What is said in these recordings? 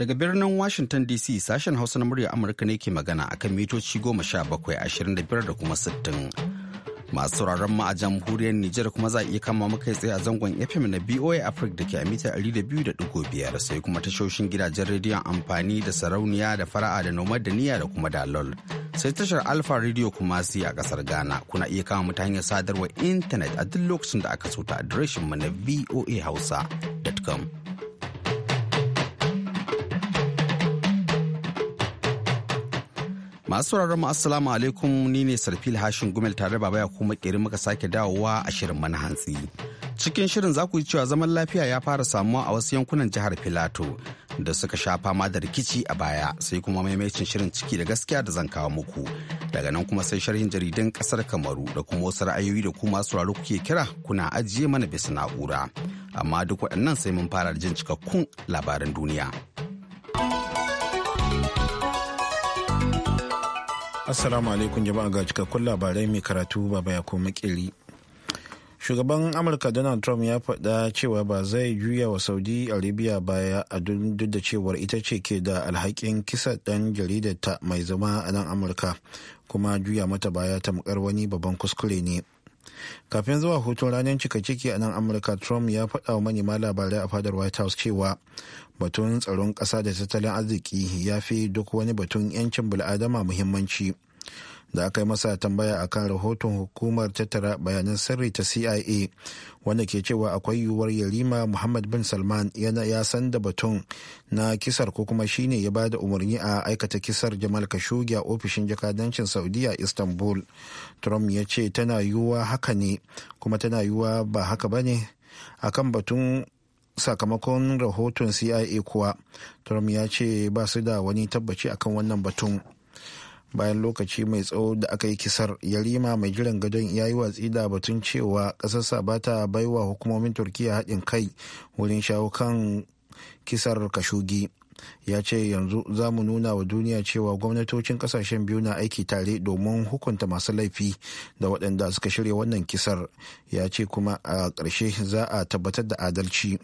Daga birnin Washington DC sashen Hausa na murya Amurka ne ke magana akan mitoci goma sha bakwai ashirin da biyar da kuma sittin. Masu sauraron mu a jamhuriyar Nijar kuma za a iya kama muka tsaye a zangon FM na BOA Africa da ke a mita ɗari da biyu da ɗigo biyar sai kuma tashoshin gidajen rediyon amfani da sarauniya da fara'a da nomad da niyya da kuma dalol. Sai tashar alpha Radio kuma su a ƙasar Ghana kuna iya kama mu ta hanyar sadarwar intanet a duk lokacin da aka so ta adireshin mu na voahausa.com. Masu sauraron mu assalamu alaikum ni ne Sarfil Hashin Gumel tare da babaya kuma kiri muka sake dawowa a shirin mana hantsi. Cikin shirin za ku ji cewa zaman lafiya ya fara samuwa a wasu yankunan jihar Filato da suka sha fama da rikici a baya sai kuma maimacin shirin ciki da gaskiya da zan kawo muku. Daga nan kuma sai sharhin jaridan kasar Kamaru da kuma wasu ra'ayoyi da kuma sauraro kuke kira kuna ajiye mana bisa na'ura. Amma duk waɗannan sai mun fara da jin cikakkun labaran duniya. Assalamu alaikum jama'a ga cikakkun labarai mai karatu baba ya kuma makeri. Shugaban Amurka Donald Trump ya faɗa cewa ba zai juya wa Saudi Arabia baya a duk da cewar ita ce ke da alhakin kisa ɗan jaridarta mai zama a nan Amurka kuma juya mata baya tamkar wani babban kuskure ne. kafin zuwa hutun ranar cika ciki a nan amurka trump ya faɗa wa manema labarai a fadar white house cewa batun tsaron ƙasa da tattalin arziki ya fi duk wani batun 'yancin bul'adama muhimmanci da aka yi masa tambaya akan rahoton hukumar tattara bayanan sirri ta cia wanda ke cewa akwai yiwuwar yarima muhammad bin salman yana ya san da batun na kisar ko kuma shine ya ba da umarni a aikata kisar jamal kashugi a ofishin jakadancin saudiya istanbul trump ya ce tana yiwuwa haka ne kuma tana yiwuwa ba haka ba ne akan batun sakamakon rahoton cia kuwa trump ya ce ba su da wani tabbaci akan wannan batun bayan lokaci mai tsawo da aka yi kisar yarima mai jiran gadon ya yi watsi da batun cewa ƙasarsa ba ta baiwa hukumomin turkiya haɗin kai wurin shawo kan kisar kashugi ya ce yanzu za mu nuna wa duniya cewa gwamnatocin kasashen biyu na aiki tare domin hukunta masu laifi da waɗanda suka shirya wannan kisar ya ce kuma a ƙarshe za a tabbatar da adalci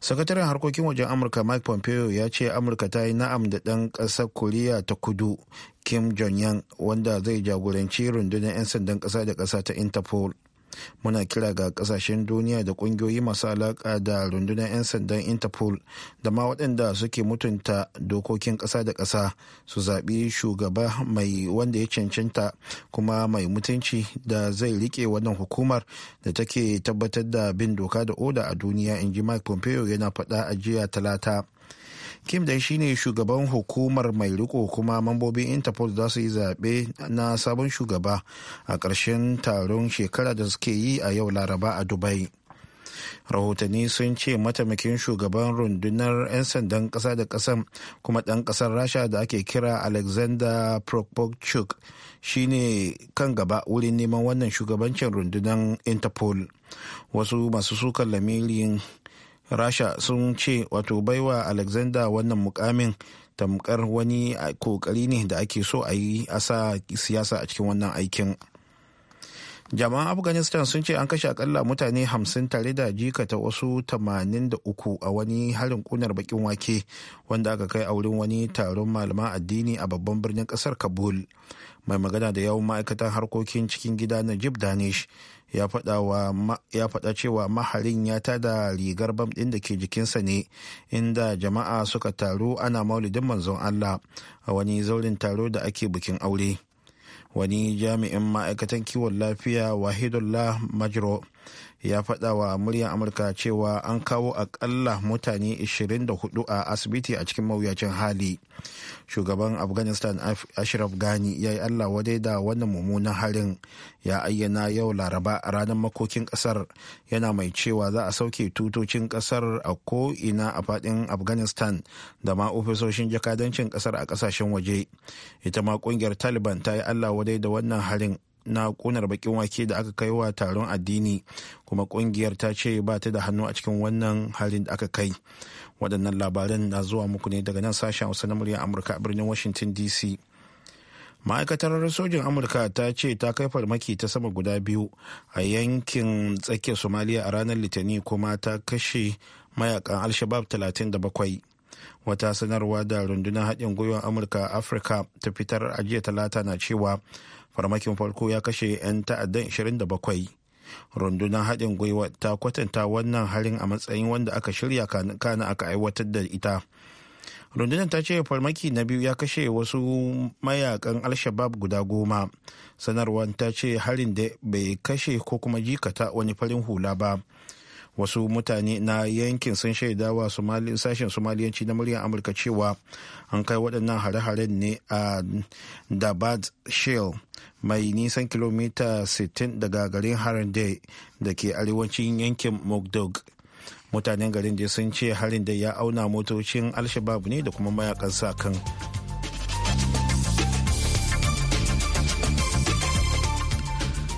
sakataren harkokin wajen amurka mike pompeo ya ce amurka ta yi na'am da ɗan ƙasar koriya ta kudu kim jong-un wanda zai jagoranci rundunar 'yan sandan ƙasa da ƙasa ta interpol muna kira ga kasashen duniya da kungiyoyi masu alaka da rundunar 'yan sandan interpol da ma waɗanda suke mutunta dokokin ƙasa da ƙasa su zaɓi shugaba mai wanda ya cancanta kuma mai mutunci da zai riƙe wannan hukumar da take tabbatar da bin doka da oda a duniya in ji mike pompeo yana faɗa a jiya talata kim dai shine shugaban hukumar mai riko kuma mambobin interpol za su yi zaɓe na sabon shugaba a ƙarshen taron shekara da suke yi a yau laraba a dubai rahotanni sun ce mataimakin shugaban rundunar 'yan sandan ƙasa da ƙasan kuma ɗan ƙasar rasha da ake kira alexander prokopchuk shine kan gaba wurin neman wannan shugabancin rundunar interpol wasu masu sukan lamirin rasha sun ce wato baiwa alexander wannan mukamin tamkar wani kokari ne da ake so a yi a sa siyasa a cikin wannan aikin. jama'an afghanistan sun ce an kashe akalla mutane 50 tare da jikata wasu 83 a wani harin kunar bakin wake wanda aka kai a wurin wani taron malaman addini a babban birnin kasar kabul mai magana da yawon ma'aikatan harkokin cikin gida na najib danish ya faɗa cewa maharin ya tada rigar bam ɗin da ke jikinsa ne inda jama'a suka taru ana maulidin manzon allah a wani zaurin taro da ake bikin aure. wani jami'in ma'aikatan kiwon lafiya wahidullah majro ya faɗa wa muryar amurka cewa an kawo akalla mutane 24 a asibiti a cikin mawuyacin hali shugaban afghanistan ashraf ghani ya yi allah wadai da wannan mummunan harin ya ayyana yau laraba ranar makokin kasar yana mai cewa za a sauke tutocin kasar a ko'ina a fadin afghanistan da ma ofisoshin jakadancin kasar a kasashen waje ita ma kungiyar taliban ta yi allah wadai da wannan harin na kunar baƙin wake da aka kai wa taron addini kuma ƙungiyar ta ce ba ta da hannu a cikin wannan halin da aka kai waɗannan labaran na zuwa muku ne daga nan sashen hausa na muryar amurka a birnin washington dc ma'aikatar sojin amurka ta ce ta kai farmaki ta sama guda biyu a yankin tsakiyar somaliya a ranar litani kuma ta kashe mayakan alshabab 37 wata sanarwa da rundunar haɗin gwiwar amurka a afirka ta fitar ajiya talata na cewa farmakin farko ya kashe 'yan ta'addan 27 rundunar haɗin gwiwa ta kwatanta wannan harin a matsayin wanda aka shirya kana aka aiwatar da ita rundunar ta ce farmaki na biyu ya kashe wasu mayakan alshabab guda goma sanarwar ta ce harin da bai kashe ko kuma jikata wani farin hula ba wasu mutane na yankin sun shaida wa sashen somaliyanci na muryar amurka cewa an kai waɗannan hare-haren ne a dabad shale mai nisan kilomita 60 daga garin dai da ke arewacin yankin mokdog mutanen garin da sun ce harin da ya auna motocin alshabab ne da kuma mayakan sa kan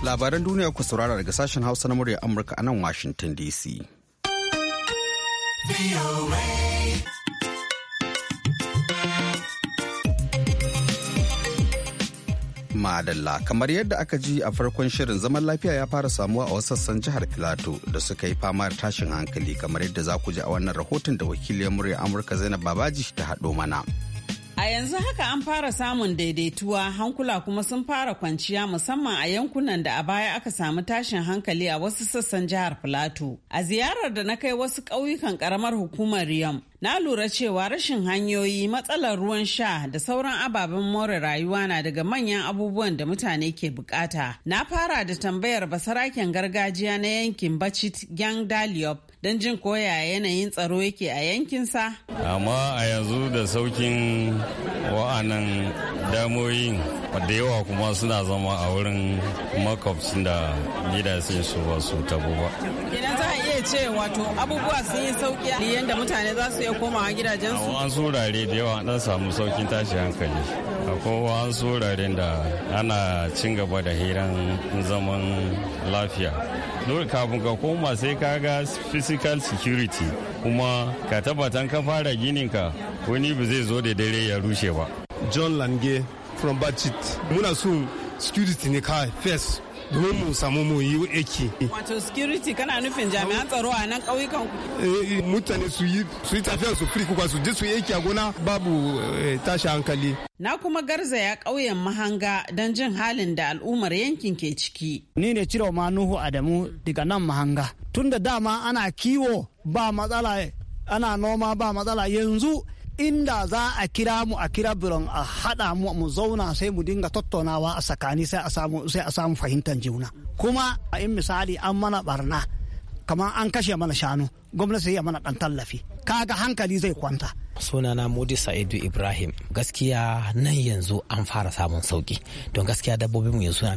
Labaran duniya ku saurara daga sashen Hausa na murya Amurka a nan Washington DC. Madalla kamar yadda aka ji a farkon shirin zaman lafiya ya fara samuwa a wasu sassan jihar Filato da suka yi fama da tashin hankali kamar yadda za ku ji a wannan rahoton da wakiliyar murya Amurka Zainab Babaji ta haɗo mana. A yanzu haka an fara samun daidaituwa hankula kuma sun fara kwanciya musamman a yankunan da a baya aka samu tashin hankali a wasu sassan jihar Filato. A ziyarar da na kai wasu ƙauyukan ƙaramar hukumar Riyam, na lura cewa rashin hanyoyi matsalar ruwan sha da sauran ababen more rayuwa na daga manyan abubuwan da mutane ke bukata na fara da tambayar basaraken gargajiya na yankin bacit gang daliop don jin koya yanayin tsaro yake a yankinsa. Amma a yanzu da saukin wa'anan damoyin da yawa kuma suna zama a wurin makwabcin da gidajen su ba su tabo ba. ce wato abubuwa sun yi sauki yadda mutane za su iya komawa gidajensu. An surare da yawa dan samu saukin tashi hankali. Akwai wasu surare da ana cin gaba da hiran zaman lafiya. Dole kafin ka koma sai ka ga physical security kuma ka tabbatan ka fara ginin ka wani ba zai zo da dare ya rushe ba. John Lange from Bachit. Muna so security ne kai first domin mu samu mu yi aiki. Wato security kana nufin jami'an tsaro a nan ƙauyukan ku? Eh, eh, mutane su yi su yi tafiya su firi kuka su je su yi aiki a gona babu eh, tashi hankali. Na kuma garzaya ƙauyen Mahanga don jin halin da al'ummar yankin ke ciki. Ni ne ma Nuhu Adamu daga nan Mahanga. Tun da dama ana kiwo ba matsala ana noma ba matsala yanzu inda za a kira mu a kira biron a haɗa mu mu zauna sai mu dinga tattaunawa a tsakani sai a samu fahimtar juna kuma a in misali an mana barna kamar an kashe mana shanu gwamnati ya mana ɗan tallafi kaga hankali zai kwanta sunana modi sa'idu ibrahim gaskiya nan yanzu an fara samun sauki don gaskiya dabbobin mu yanzu suna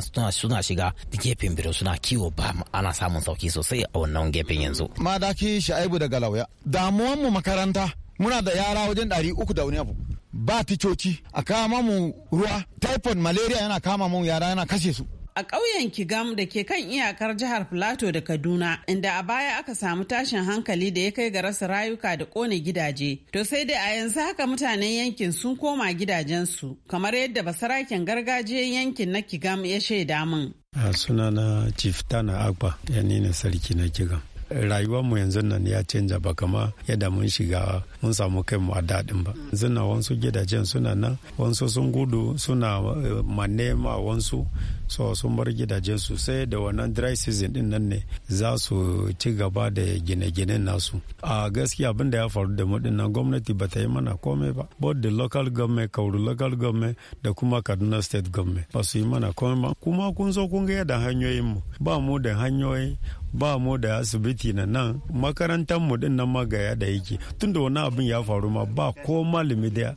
ba suna suna shiga gefen biro suna kiwo ba ana samun sauki sosai a wannan gefen yanzu madaki sha'ibu daga lauya damuwan mu makaranta muna da yara wajen ɗari uku da wani abu ba ticoci a kama mu ruwa typhoid malaria yana kama mu yara yana kashe su a ƙauyen Kigam da ke kan iyakar jihar Filato da Kaduna, inda a baya aka samu tashin hankali da ya kai ga rasa rayuka da ƙone gidaje. To sai dai a yanzu haka mutanen yankin sun koma gidajensu, kamar yadda basaraken gargajiyan yankin na Kigam ya shaida min. A sunana Chief Tana Agba, ya nina sarki na Kigam. rayuwarmu yanzu nan ya canja ba kama yadda mun shiga mun samu kai mu a daɗin ba yanzu na wasu gidajen suna nan wasu sun gudu suna eh, manne ma wasu so sun bar gidajen su sai da wannan dry season din nan ne za su ci gaba da gine-ginen nasu a gaskiya abin da ya faru da mu nan gwamnati ba ta yi mana komai ba both the local government kauru local government da kuma kaduna state government ba su yi mana komai ba kuma kun zo kun ga yadda hanyoyin mu ba mu da hanyoyi ba mu da asibiti na nan makarantar mu din nan magaya da yake tunda wani abin ya faru ma ba ko malami da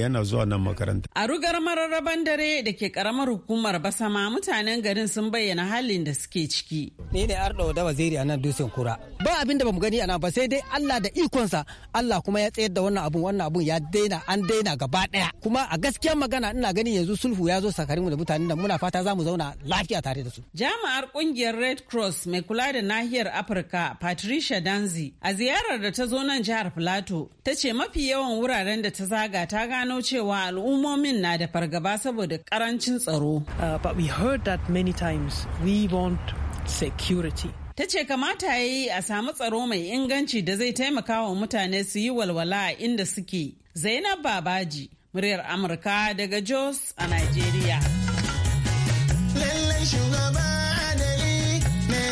yana zuwa nan makaranta a rugar mararraban dare da ke karamar hukumar basama mutanen garin sun bayyana halin da suke ciki ni ne ardo da waziri a nan dusin kura ba abin da bamu gani a nan ba sai dai Allah da ikonsa Allah kuma ya tsayar da wannan abun wannan abun ya daina an daina gaba daya kuma a gaskiyar magana ina gani yanzu sulhu ya zo mu da mutanen nan muna fata za mu zauna lafiya tare da su jami'ar kungiyar red cross mai kula da wakiltar nahiyar Afirka Patricia Danzi a ziyarar da ta zo nan jihar Filato ta ce mafi yawan wuraren da ta zaga ta gano cewa al'ummomin na da fargaba saboda karancin tsaro. Uh, but we heard that many times we want security. ta ce kamata ya yi a samu tsaro mai inganci da zai taimaka wa mutane su yi walwala a inda suke zainab babaji muryar amurka daga jos a nigeria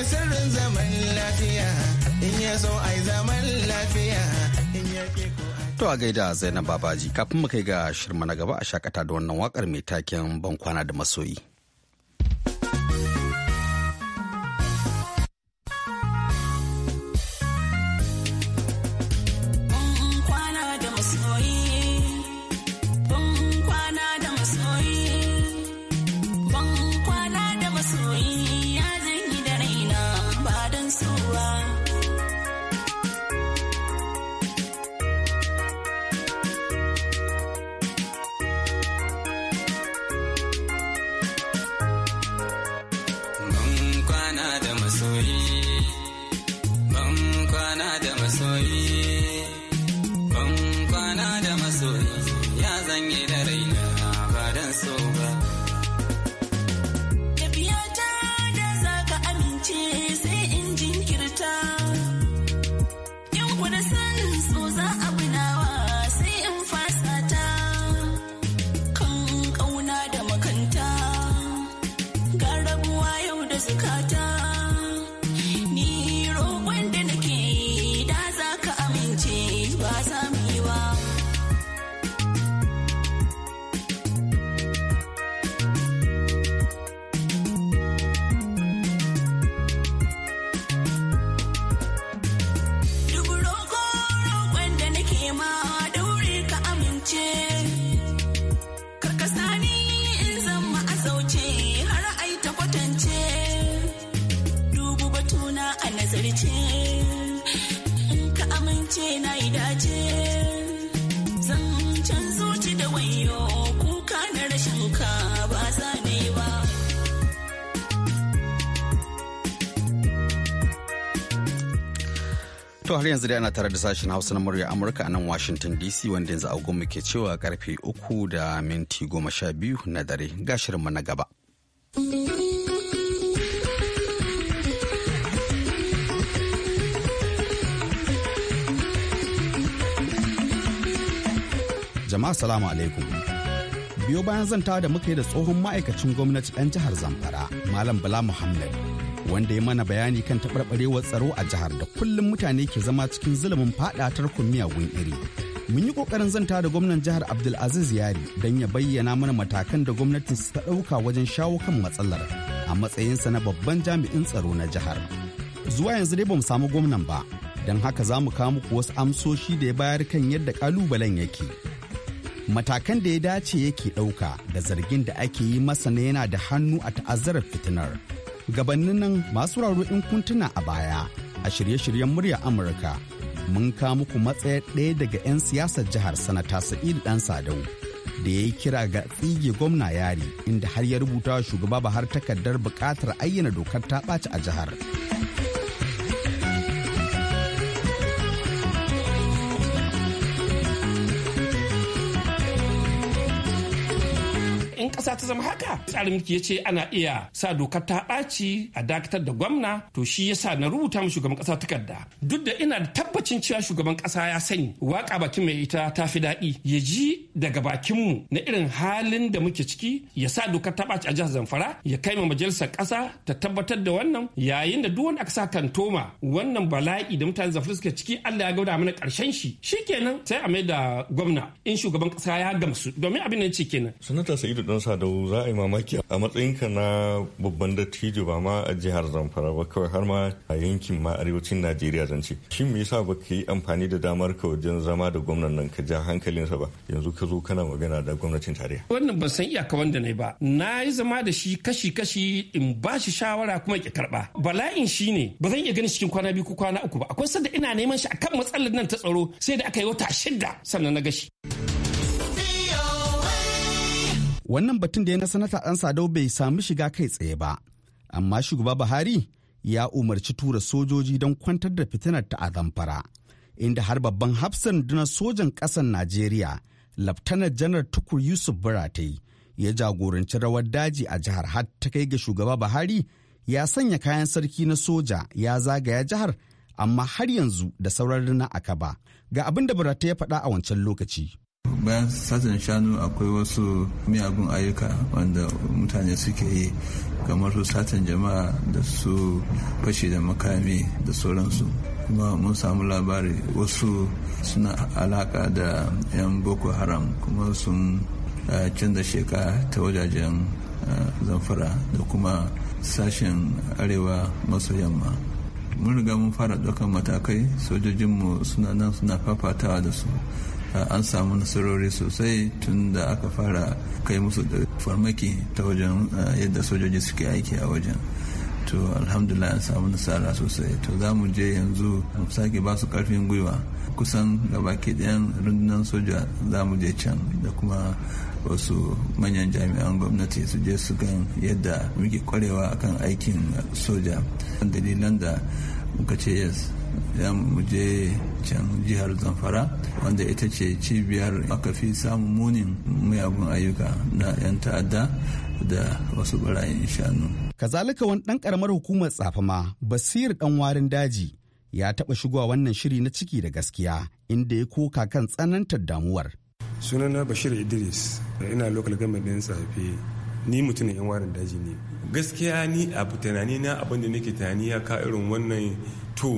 sirrin zaman lafiya in ya so ai zaman lafiya in ya To a gaida Zainab Babaji kafin mu kai ga shirma na gaba a shakata da wannan wakar mai taken ban kwana da masoyi. To har yanzu dai ana tare da sashen Hausa na murya Amurka a nan Washington DC wanda yanzu agogo muke cewa karfe uku da minti goma sha biyu na dare gashirinmu na gaba. Jama'a salamu alaikum. Biyo bayan zanta da muka yi da tsohon ma'aikacin gwamnati ɗan jihar Zamfara, Malam Bala Muhammad. wanda ya mana bayani kan taɓarɓarewar tsaro a jihar da kullum mutane ke zama cikin zulumin fada tarkon miyagun iri. Mun yi ƙoƙarin zanta da gwamnan jihar Abdulaziz Yari don ya bayyana mana matakan da gwamnatin ta ɗauka wajen shawo kan matsalar a matsayinsa na babban jami'in tsaro na jihar. Zuwa yanzu dai bamu samu gwamnan ba, don haka za mu kawo muku wasu amsoshi da ya bayar kan yadda ƙalubalen yake. matakan da ya dace yake ɗauka da zargin da ake yi masa na yana da hannu a ta'azzarar fitinar gabanin nan masu raro in kuntuna a baya a shirye-shiryen murya amurka mun ka muku matsaya ɗaya daga 'yan siyasar jihar sanata sa'id dan sadau da ya yi kira ga tsige gwamna yari inda har ya rubuta wa shugaba har takardar buƙatar ayyana dokar ta ɓaci a jihar ta zama haka tsarin mulki ya ce ana iya sa dokar ta ɓaci a dakatar da gwamna to shi yasa na rubuta mu shugaban ƙasa takarda duk da ina da tabbacin cewa shugaban kasa ya sani waka bakin mai ita ta fi daɗi ya ji daga bakin mu na irin halin da muke ciki ya sa dokar ta ɓaci a jihar Zamfara ya kai ma majalisar kasa. ta tabbatar da wannan yayin da duk wanda aka sa kantoma wannan bala'i da mutanen Zamfara suke ciki Allah ya gauda mana ƙarshen shi shikenan sai a mai da gwamna in shugaban kasa ya gamsu domin abin da shikenan. kenan sanata Sa'idu dan Sadau wato za yi mamaki a matsayinka na babban dattijo ba ma a jihar zamfara ba kawai har ma a yankin ma arewacin najeriya zance shin me yasa ba ka yi amfani da damar ka wajen zama da gwamnan nan ka ja hankalinsa ba yanzu ka zo kana magana da gwamnatin tarayya wannan ban san iyaka wanda ne ba na yi zama da shi kashi kashi in ba shi shawara kuma ki karba bala'in shine ba zan iya ganin cikin kwana biyu ko kwana uku ba akwai sanda ina neman shi akan matsalar nan ta tsaro sai da aka yi wata shida sannan na gashi. wannan batun da ya na sanata ɗan sadau bai sami shiga kai tsaye ba amma shugaba buhari ya umarci tura sojoji don kwantar da fitinar ta a zamfara inda har babban hafsan na sojan ƙasar najeriya laftanar janar tukur yusuf buratai ya jagoranci rawar daji a jihar har ta kai ga shugaba buhari ya sanya kayan sarki na soja ya zagaya jihar amma har yanzu da sauran rina aka ba ga abin da buratai ya faɗa a wancan lokaci bayan satin shanu akwai wasu miyagun ayyuka wanda mutane suke yi kamar su satin jama'a da su fashe da makami da sauransu kuma mun samu labari wasu suna alaka da 'yan boko haram kuma sun eh, canza sheka ta wajajen eh, zamfara da kuma sashen arewa maso yamma mun riga mun fara ɗaukan matakai sojojinmu suna nan suna fafatawa da su an samu nasarori sosai tun da aka fara kai musu da farmaki ta wajen eh, yadda sojoji suke aiki a wajen to alhamdulillah an samu nasara sosai to za mu je yanzu mu sake ba su karfin gwiwa kusan gabaki ɗayan rundunar soja za mu je can da kuma wasu manyan jami'an gwamnati su je su gan yadda muke kwarewa akan aikin soja dalilan da muka ce yes za mu can jihar zamfara wanda ita ce cibiyar aka fi samun munin miyagun ayyuka na 'yan ta'adda da wasu barayin shanu. kazalika wani ɗan karamar hukumar tsafama basir dan warin daji ya taba shigowa wannan shiri na ciki da gaskiya inda ya koka kan tsanantar damuwar sunana bashir idris ina local government ɗin tsafi ni mutumin yan warin daji ne gaskiya ni abu tunani na abin da nake tunani ya ka irin wannan to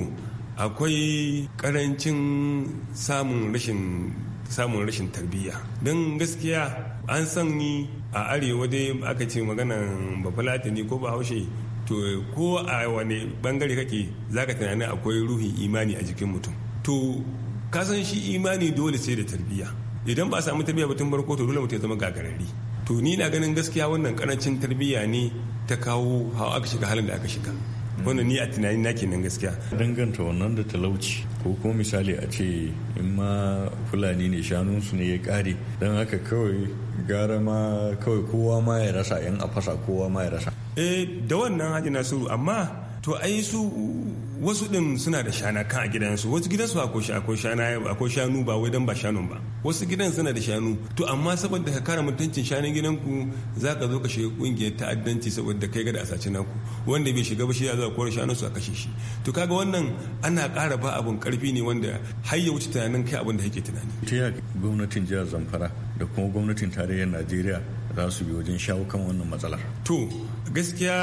akwai karancin samun rashin samun rashin tarbiyya don gaskiya an san ni a arewa dai aka ce maganan bafulatani ko bahaushe to ko a wane bangare kake zaka tunanin akwai ruhin imani a jikin mutum to kasan shi imani dole sai da tarbiyya idan ba a samu tarbiyya batun barko to dole mutum ya zama gagarari to ni na ganin gaskiya wannan karancin tarbiyya ne ta kawo hawa aka shiga halin da aka shiga wanda ni a tunanin na kenan gaskiya danganta wannan da talauci ko kuma misali a ce in ma fulani ne shanunsu ne ya kare Dan haka kawai gara ma kawai kowa ma ya rasa yan a fasa kowa ma ya rasa eh da wannan hajji nasiru amma to ai su wasu din suna da shana kan a gidansu wasu gidansu akwai shanu ba wai dan ba shanun ba wasu gidan suna da shanu to amma saboda ka kare mutuncin shanun gidanku za ka zo ka shiga kungiyar ta'addanci saboda kai ga da asace naku wanda bai shiga ba shi ya zo kore shanun su a kashe shi to kaga wannan ana ƙara ba abun karfi ne wanda har ya wuce tunanin kai abin da yake tunani ta gwamnatin jihar zamfara da kuma gwamnatin tarayyar najeriya za su bi wajen shawo kan wannan matsalar to gaskiya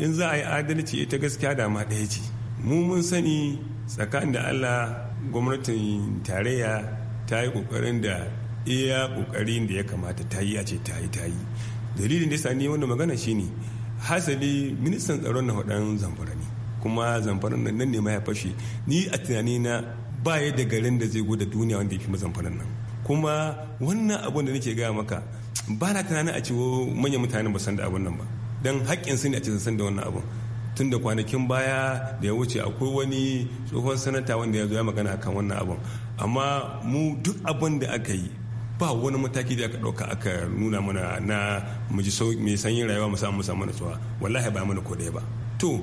in za a yi adalci ita gaskiya dama ɗaya ce mu mun sani tsakanin da allah gwamnatin tarayya ta yi ƙoƙarin da iya ƙoƙarin da ya kamata ta yi a ce ta yi ta yi dalilin da ya sani wanda magana shi shine hasali ministan tsaron na faɗan zamfara ne kuma zamfara nan ne ma ya fashe ni a tunanina ba baya da garin da zai goda duniya wanda ya fi zamfara nan kuma wannan abun da nake gaya maka ba na tunanin a ciwo manyan mutane ba san da abin nan ba don haƙƙin su ne a cikin san da wannan abun tun da kwanakin baya da ya wuce akwai wani tsohon sanata wanda ya zo ya magana akan wannan abun amma mu duk abin da aka yi ba wani mataki da aka ɗauka aka nuna mana na muji mai sanyin rayuwa mu samu samu natsuwa wallahi ba mana ko ba to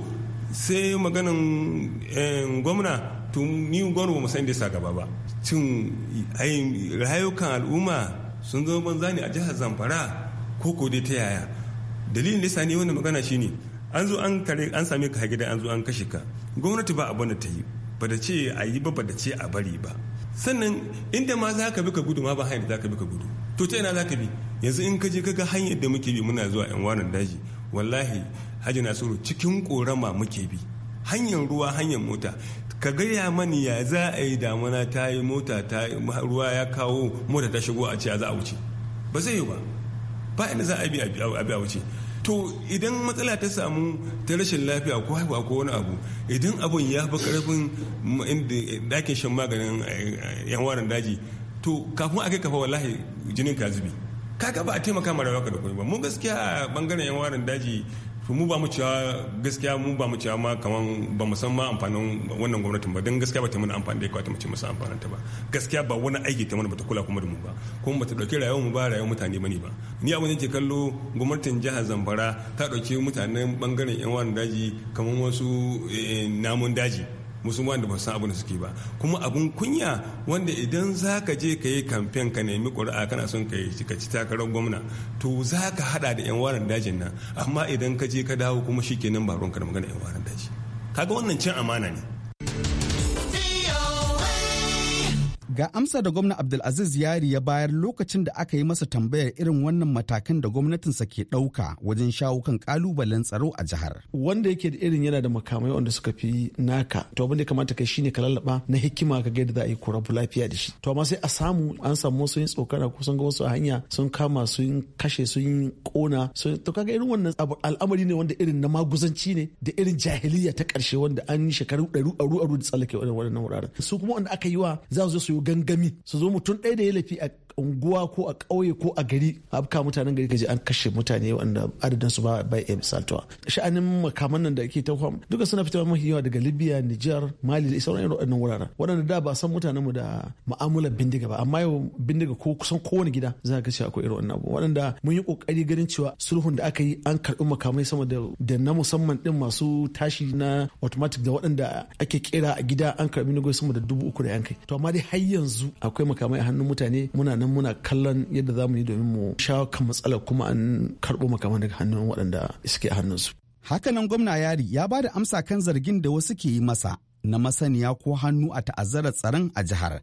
sai maganan eh, gwamna tun ni gwamna ba mu san da ya sa gaba ba cin eh, rayukan al'umma sun zama banza ne a jihar zamfara ko ko dai ta yaya dalilin da ya ne wanda magana shine an zo an kare an same ka gida an zo an kashe ka gwamnati ba abin da ta yi ba da ce a yi ba ba da ce a bari ba sannan inda ma za ka bi ka gudu ma ba hanyar da za ka bi ka gudu to ta ina za ka bi yanzu in ka je ka ga hanyar da muke bi muna zuwa yan wanan daji wallahi hajji nasiru cikin korama muke bi hanyar ruwa hanyar mota ka gaya mani ya za a yi damuna ta yi mota ta ruwa ya kawo mota ta shigo a ce za a wuce ba zai yi ba ba inda za a bi a wuce to idan matsala ta samu ta rashin lafiya ko haihuwa ko wani abu idan abun ya fi karfin inda dakin shan maganin eh, yan warin daji to kafin a kai kafa wallahi jinin ka zubi kaga ba a taimaka ma da kuma ba mu gaskiya a bangaren yan warin daji to mu ba mu cewa gaskiya mu ba mu cewa ma kaman ba mu san ma amfanin wannan gwamnatin ba don gaskiya ba ta mana amfani da ya kwata mu ce musu amfanin ta ba gaskiya ba wani aiki ta mana ba ta kula kuma da mu ba kuma ba ta dauki rayuwar mu ba rayuwar mutane bane ba ni abin da ke kallo gwamnatin jihar Zamfara ta dauki mutanen bangaren yan wani daji kaman wasu eh, namun daji musulman da ba san abin da suke ba kuma abun kunya wanda idan za ka je ka yi kamfen ka nemi ƙuri'a kana son ka yi ci takarar gwamna to za ka haɗa da 'yan waran dajin nan amma idan ka je ka dawo kuma shi kenan ba ruwanka da magana 'yan waran daji kaga wannan cin amana ne Ga amsa da gwamna Abdulaziz Yari ya bayar lokacin da aka yi masa tambayar irin wannan matakan da gwamnatinsa ke ɗauka wajen shawo kan kalubalen tsaro a jihar. Wanda yake da irin yana da makamai wanda suka fi naka, to abin da kamata kai shine ka lallaba na hikima ka ga za a yi kurabu lafiya da shi. To amma sai a samu an samu wasu yin tsokana ko sun ga wasu a hanya sun kama sun kashe sun kona to kaga irin wannan al'amari ne wanda irin na maguzanci ne da irin jahiliya ta karshe wanda an shekaru ɗaru a ruɗa da tsallake waɗannan wuraren. Su kuma wanda aka yi wa za su zo su yi gangami su zo mutum ɗaya da ya lafi a unguwa ko a ƙauye ko a gari afka mutanen gari kaji an kashe mutane wanda adadin su ba bai iya misaltuwa sha'anin makaman nan da ake ta duka suna fitowa mafi yawa daga libya niger mali da sauran irin waɗannan wuraren waɗanda da ba san mutanen mu da mu'amalar bindiga ba amma yau bindiga ko kusan kowane gida za ka cewa akwai irin wannan abu waɗanda mun yi ƙoƙari ganin cewa sulhun da aka yi an karɓi makamai sama da na musamman din masu tashi na automatic da waɗanda ake kera a gida an karɓi na sama da dubu uku da yankai to amma dai har yanzu akwai makamai a hannun mutane muna nan muna kallon yadda za mu yi domin mu shawo kan matsalar kuma an karɓo makama daga hannun waɗanda suke a hannunsu. Hakanan gwamna yari ya ba da amsa kan zargin da wasu ke yi masa na masaniya ko hannu a ta'azzarar tsaron a jihar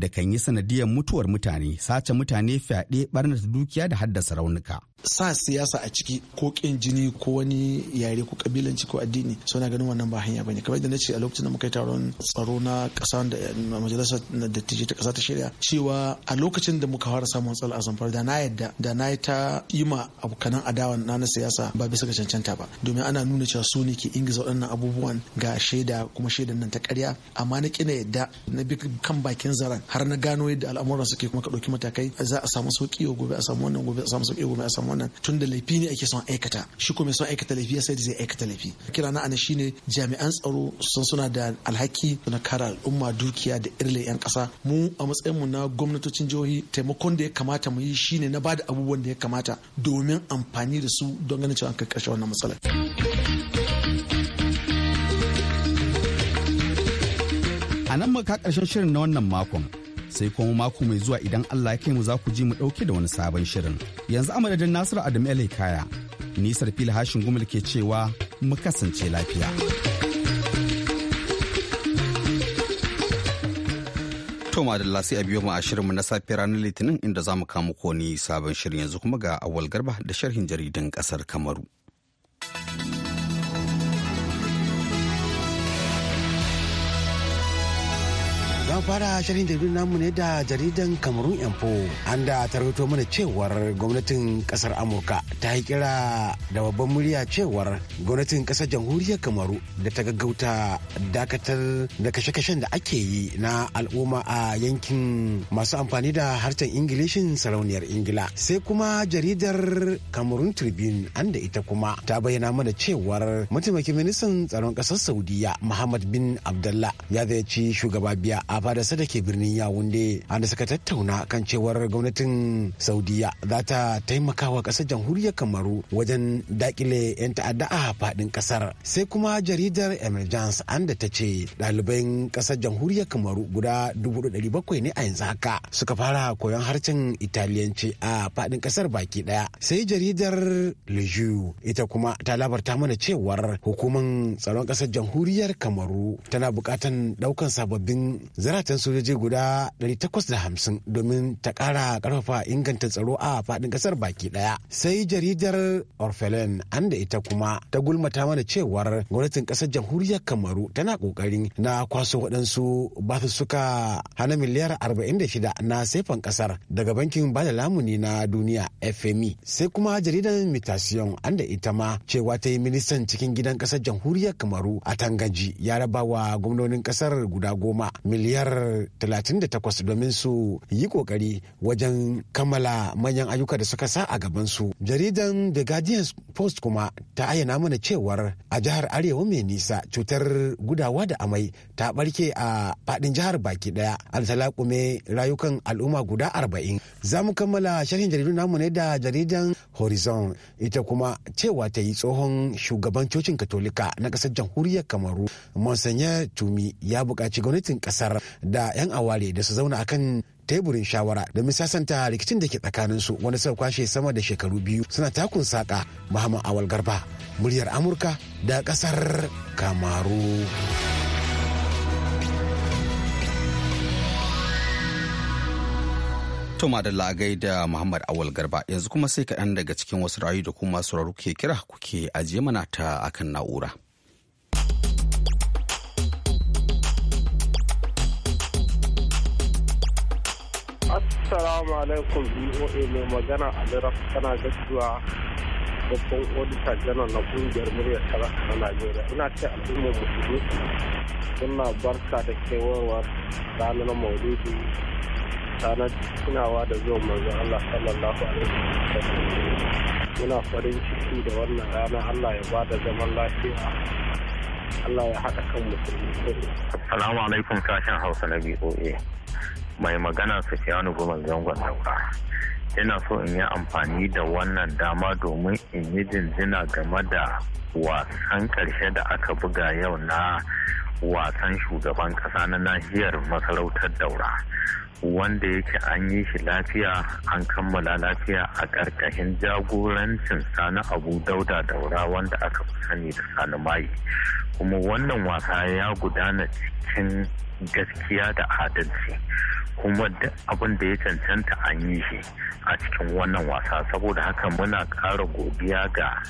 da kan yi sanadiyar mutuwar mutane, sace mutane fyaɗe ɓarnata dukiya da haddasa raunuka. sa siyasa a ciki ko kin jini ko wani yare ko kabilanci ko addini suna na ganin wannan ba hanya bane kamar da na ce a lokacin da muka taron tsaro na kasa da majalisar dattijai ta kasa ta shirya cewa a lokacin da muka fara samun matsala a zamfara da na yadda da na ta yi ma abokanan adawa na na siyasa ba bisa ga cancanta ba domin ana nuna cewa su ne ke ingiza waɗannan abubuwan ga shaida kuma shaidan nan ta ƙarya amma na kina yadda na bi kan bakin zaran har na gano yadda al'amuran suke kuma ka ɗauki matakai za a samu sauƙi gobe a samu wannan gobe a samu sauƙi gobe a samu wannan tun da laifi ne ake son aikata shi kuma son aikata laifi sai da zai aikata laifi kira na ana shine jami'an tsaro sun suna da alhaki na Kara al'umma dukiya da irle yan kasa mu a matsayin mu na gwamnatocin jihohi taimakon da ya kamata mu yi shine na bada abubuwan da ya kamata domin amfani da su don ganin cewa an kai karshe wannan matsalar a nan maka karshen shirin na wannan makon sai kuma mako mai zuwa idan Allah ya kai mu za ku ji mu ɗauke da wani sabon shirin. Yanzu amadadin Nasiru Adam El Kaya, nisar fil hashin gumul ke cewa mu kasance lafiya. To madalla sai a biyo mu a shirinmu na safe ranar Litinin inda za mu kamu ko ni sabon shirin yanzu kuma ga awal garba da sharhin jaridan kasar Kamaru. Za fara shirin jaridu namu ne da jaridan Cameroon Info an da ta rahoto mana cewar gwamnatin kasar Amurka ta yi kira da babban murya cewar gwamnatin kasar jamhuriyar Kamaru da ta gaggauta dakatar da kashe-kashen da ake yi na al'umma a yankin masu amfani da harshen Ingilishin sarauniyar Ingila. Sai kuma jaridar Cameroon Tribune an da ita kuma ta bayyana mana cewar mataimakin ministan tsaron kasar Saudiya Muhammad bin Abdullah ya zai ci shugaba biya a fadarsa da ke birnin yawunde an suka tattauna kan cewar gwamnatin saudiya za ta taimaka wa ƙasar jamhuriyar kamaru wajen dakile 'yan ta'adda a faɗin ƙasar sai kuma jaridar emergence an da ta ce ɗaliban ƙasar jamhuriyar kamaru guda 700 ne a yanzu haka suka fara koyon harshen italiyanci a faɗin ƙasar baki ɗaya sai jaridar le ita kuma ta labarta mana cewar hukumar tsaron ƙasar jamhuriyar kamaru tana buƙatan ɗaukan sababbin zaratan sojoji guda 850 domin ta kara karfafa inganta tsaro a fadin kasar baki ɗaya, sai jaridar orphelin an da ita kuma ta gulmata mana cewar gwamnatin kasar jamhuriyar kamaru tana kokarin na kwaso waɗansu ba su suka hana miliyar 46 na saifan ƙasar daga bankin bada lamuni na duniya fmi e. sai kuma jaridar mitasiyon an da ita ma cewa ta yi ministan cikin gidan kasar jamhuriyar kamaru a tangaji ya rabawa wa gwamnonin kasar guda goma miliyar talatin da takwas domin su yi kokari wajen kammala manyan ayyuka da suka sa a gabansu jaridan the guardian post kuma ta ayyana mana cewar a jihar arewa mai nisa cutar gudawa da amai ta barke a fadin jihar baki daya an talakume rayukan al'umma guda arba'in za mu kammala sharhin jaridun namu ne da jaridan horizon ita kuma cewa ta yi tsohon shugaban cocin katolika na ƙasar jamhuriyar kamaru monsignor tumi ya buƙaci gwamnatin ƙasar da 'yan aware da su zauna akan teburin shawara domin sasanta rikicin da ke tsakaninsu wanda suka kwashe sama da shekaru biyu suna takun saƙa muhammad awal garba muryar amurka da ƙasar kamaru. To madalla a gaida Muhammad Awal Garba yanzu kuma sai kaɗan daga cikin wasu rayu da kuma sauraro ke kira kuke ajiye mana ta akan na'ura. Assalamu alaikum BOA mai magana a Ali tana gaskiya babban odita janar na ƙungiyar murya talaka na Najeriya. Ina ce al'ummar musulmi suna barka da kewawar ranar maulidi mata tunawa da zuwan manzon Allah sallallahu alaihi wasallam muna farin ciki da wannan rana Allah ya bada zaman lafiya Allah ya haɗa kan musulmi Assalamu alaikum sashen Hausa na BOA mai magana Sufiyanu Goma Zangon Daura ina so in yi amfani da wannan dama domin in yi jinjina game da wasan karshe da aka buga yau na wasan shugaban kasa na nahiyar masarautar daura wanda yake an yi shi lafiya an kammala lafiya a ƙarƙashin jagorancin sani abu dauda daura wanda aka fi sani da sani mai kuma wannan wasa ya gudana cikin gaskiya da adalci kuma duk abin da ya cancanta an yi shi a cikin wannan wasa saboda haka muna ƙara godiya ga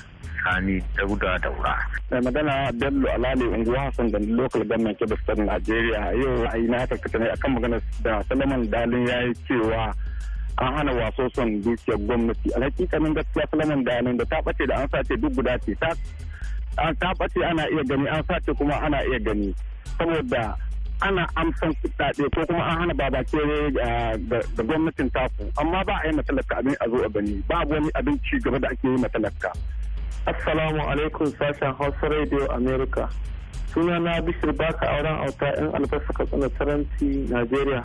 Sani da wura. Mai magana Bello Alali Unguwa Hassan da local government ke Bastar Najeriya yau ra'ayi na karkata ne akan magana da Salaman Dalin ya yi cewa an hana waso son dukiyar gwamnati a hakikanin gaskiya Salaman Dalin da ta bace da an sace duk guda ce ta ta bace ana iya gani an sace kuma ana iya gani saboda ana amsan kuɗaɗe ko kuma an hana babakere da gwamnatin taku amma ba a yi matalaka abin a zo a gani babu wani abin ci gaba da ake yi matalaka Assalamu alaikum sashen Hausa Radio America. Suna na Bishir Baka auren auta 'yan albasa Katsina Taranti, Najeriya.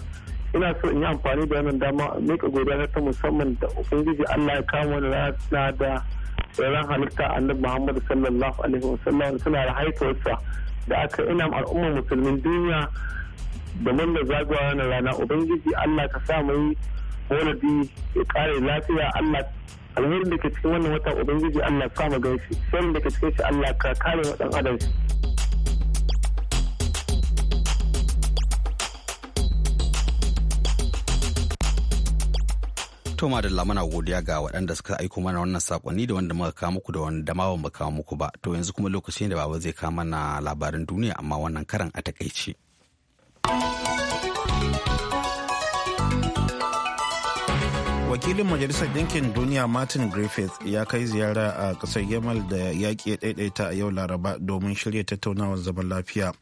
Ina so in yi amfani da wannan dama mika godiya ta musamman da Ubangiji Allah ya kama wani rana da ran halitta Annabi muhammadu sallallahu alaihi wasallam suna da haifarsa da aka ina al'ummar musulmin duniya da manna zagawa na rana Ubangiji Allah ka sa mu yi ya kare lafiya Allah alherin da ke cikin wannan wata ubangiji Allah sa mu gaishe sanin da ke cikin shi Allah ka kare wa dan adam Toma da lamana godiya ga waɗanda suka aiko mana wannan sakonni da wanda muka kawo muku da wanda ma ba kawo muku ba to yanzu kuma lokaci ne da baba zai kawo mana labarin duniya amma wannan karan a takaice. wakilin majalisar ɗinkin duniya martin griffith ya kai ziyara a ƙasar yamal da yaƙi ya ɗaiɗaita a yau laraba domin shirya tattaunawar zaman lafiya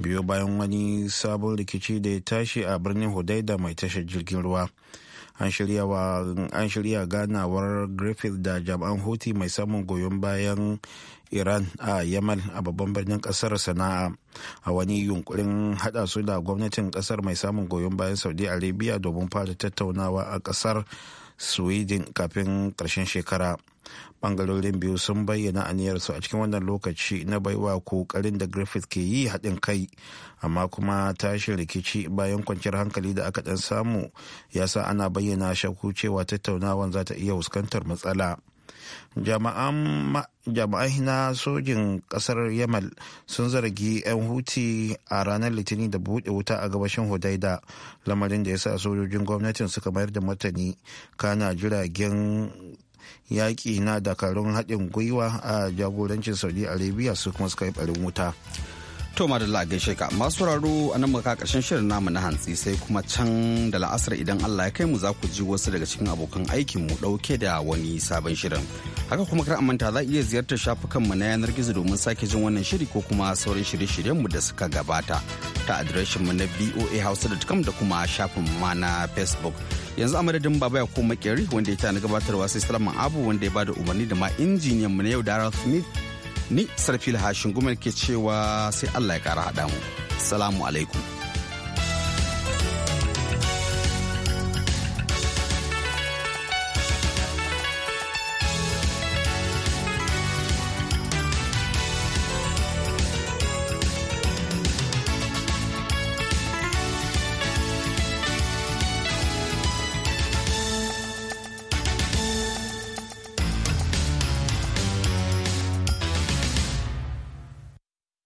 biyo bayan wani sabon rikici da ya tashi a birnin hudaida mai tashar jirgin ruwa an shirya ganawar griffith da jami'an houthi mai samun goyon bayan iran a yamal a babban birnin kasar sana'a a wani yunkurin hada su da gwamnatin kasar mai samun goyon bayan saudi arabia domin fara tattaunawa a kasar sweden kafin karshen shekara bangarorin biyu sun bayyana aniyarsu a cikin wannan lokaci na baiwa kokarin da griffith ke yi haɗin kai amma kuma tashin rikici bayan kwanciyar hankali da aka ɗan samu ya sa ana bayyana shakku cewa tattaunawan za ta iya fuskantar matsala jama'ai na sojin kasar yamal sun zargi 'yan huti a ranar litinin da buɗe wuta a gabashin hudaida lamarin da ya sa sojojin gwamnatin suka mayar da martani kana jiragen yaƙi na dakarun haɗin gwiwa a jagorancin saudi arabia su kuma suka yi ɓarin wuta To da gaishe ka masu sauraro a nan muka kakashin shirin namu na hantsi sai kuma can da la'asar idan Allah ya kai mu za ku ji wasu daga cikin abokan aikin mu dauke da wani sabon shirin. Haka kuma kar manta za iya ziyartar shafukan mu na yanar gizo domin sake jin wannan shiri ko kuma sauran shirye-shiryen mu da suka gabata ta adireshin mu na hausa da kuma shafin ma na Facebook. Yanzu a madadin baba ya ko makeri wanda ya ta na gabatarwa sai Salman Abu wanda ya bada umarni da ma injiniyan mu na yau Darrell Smith ni sarfi hashin gumar ke cewa sai allah ya kara haɗa mu salamu alaikum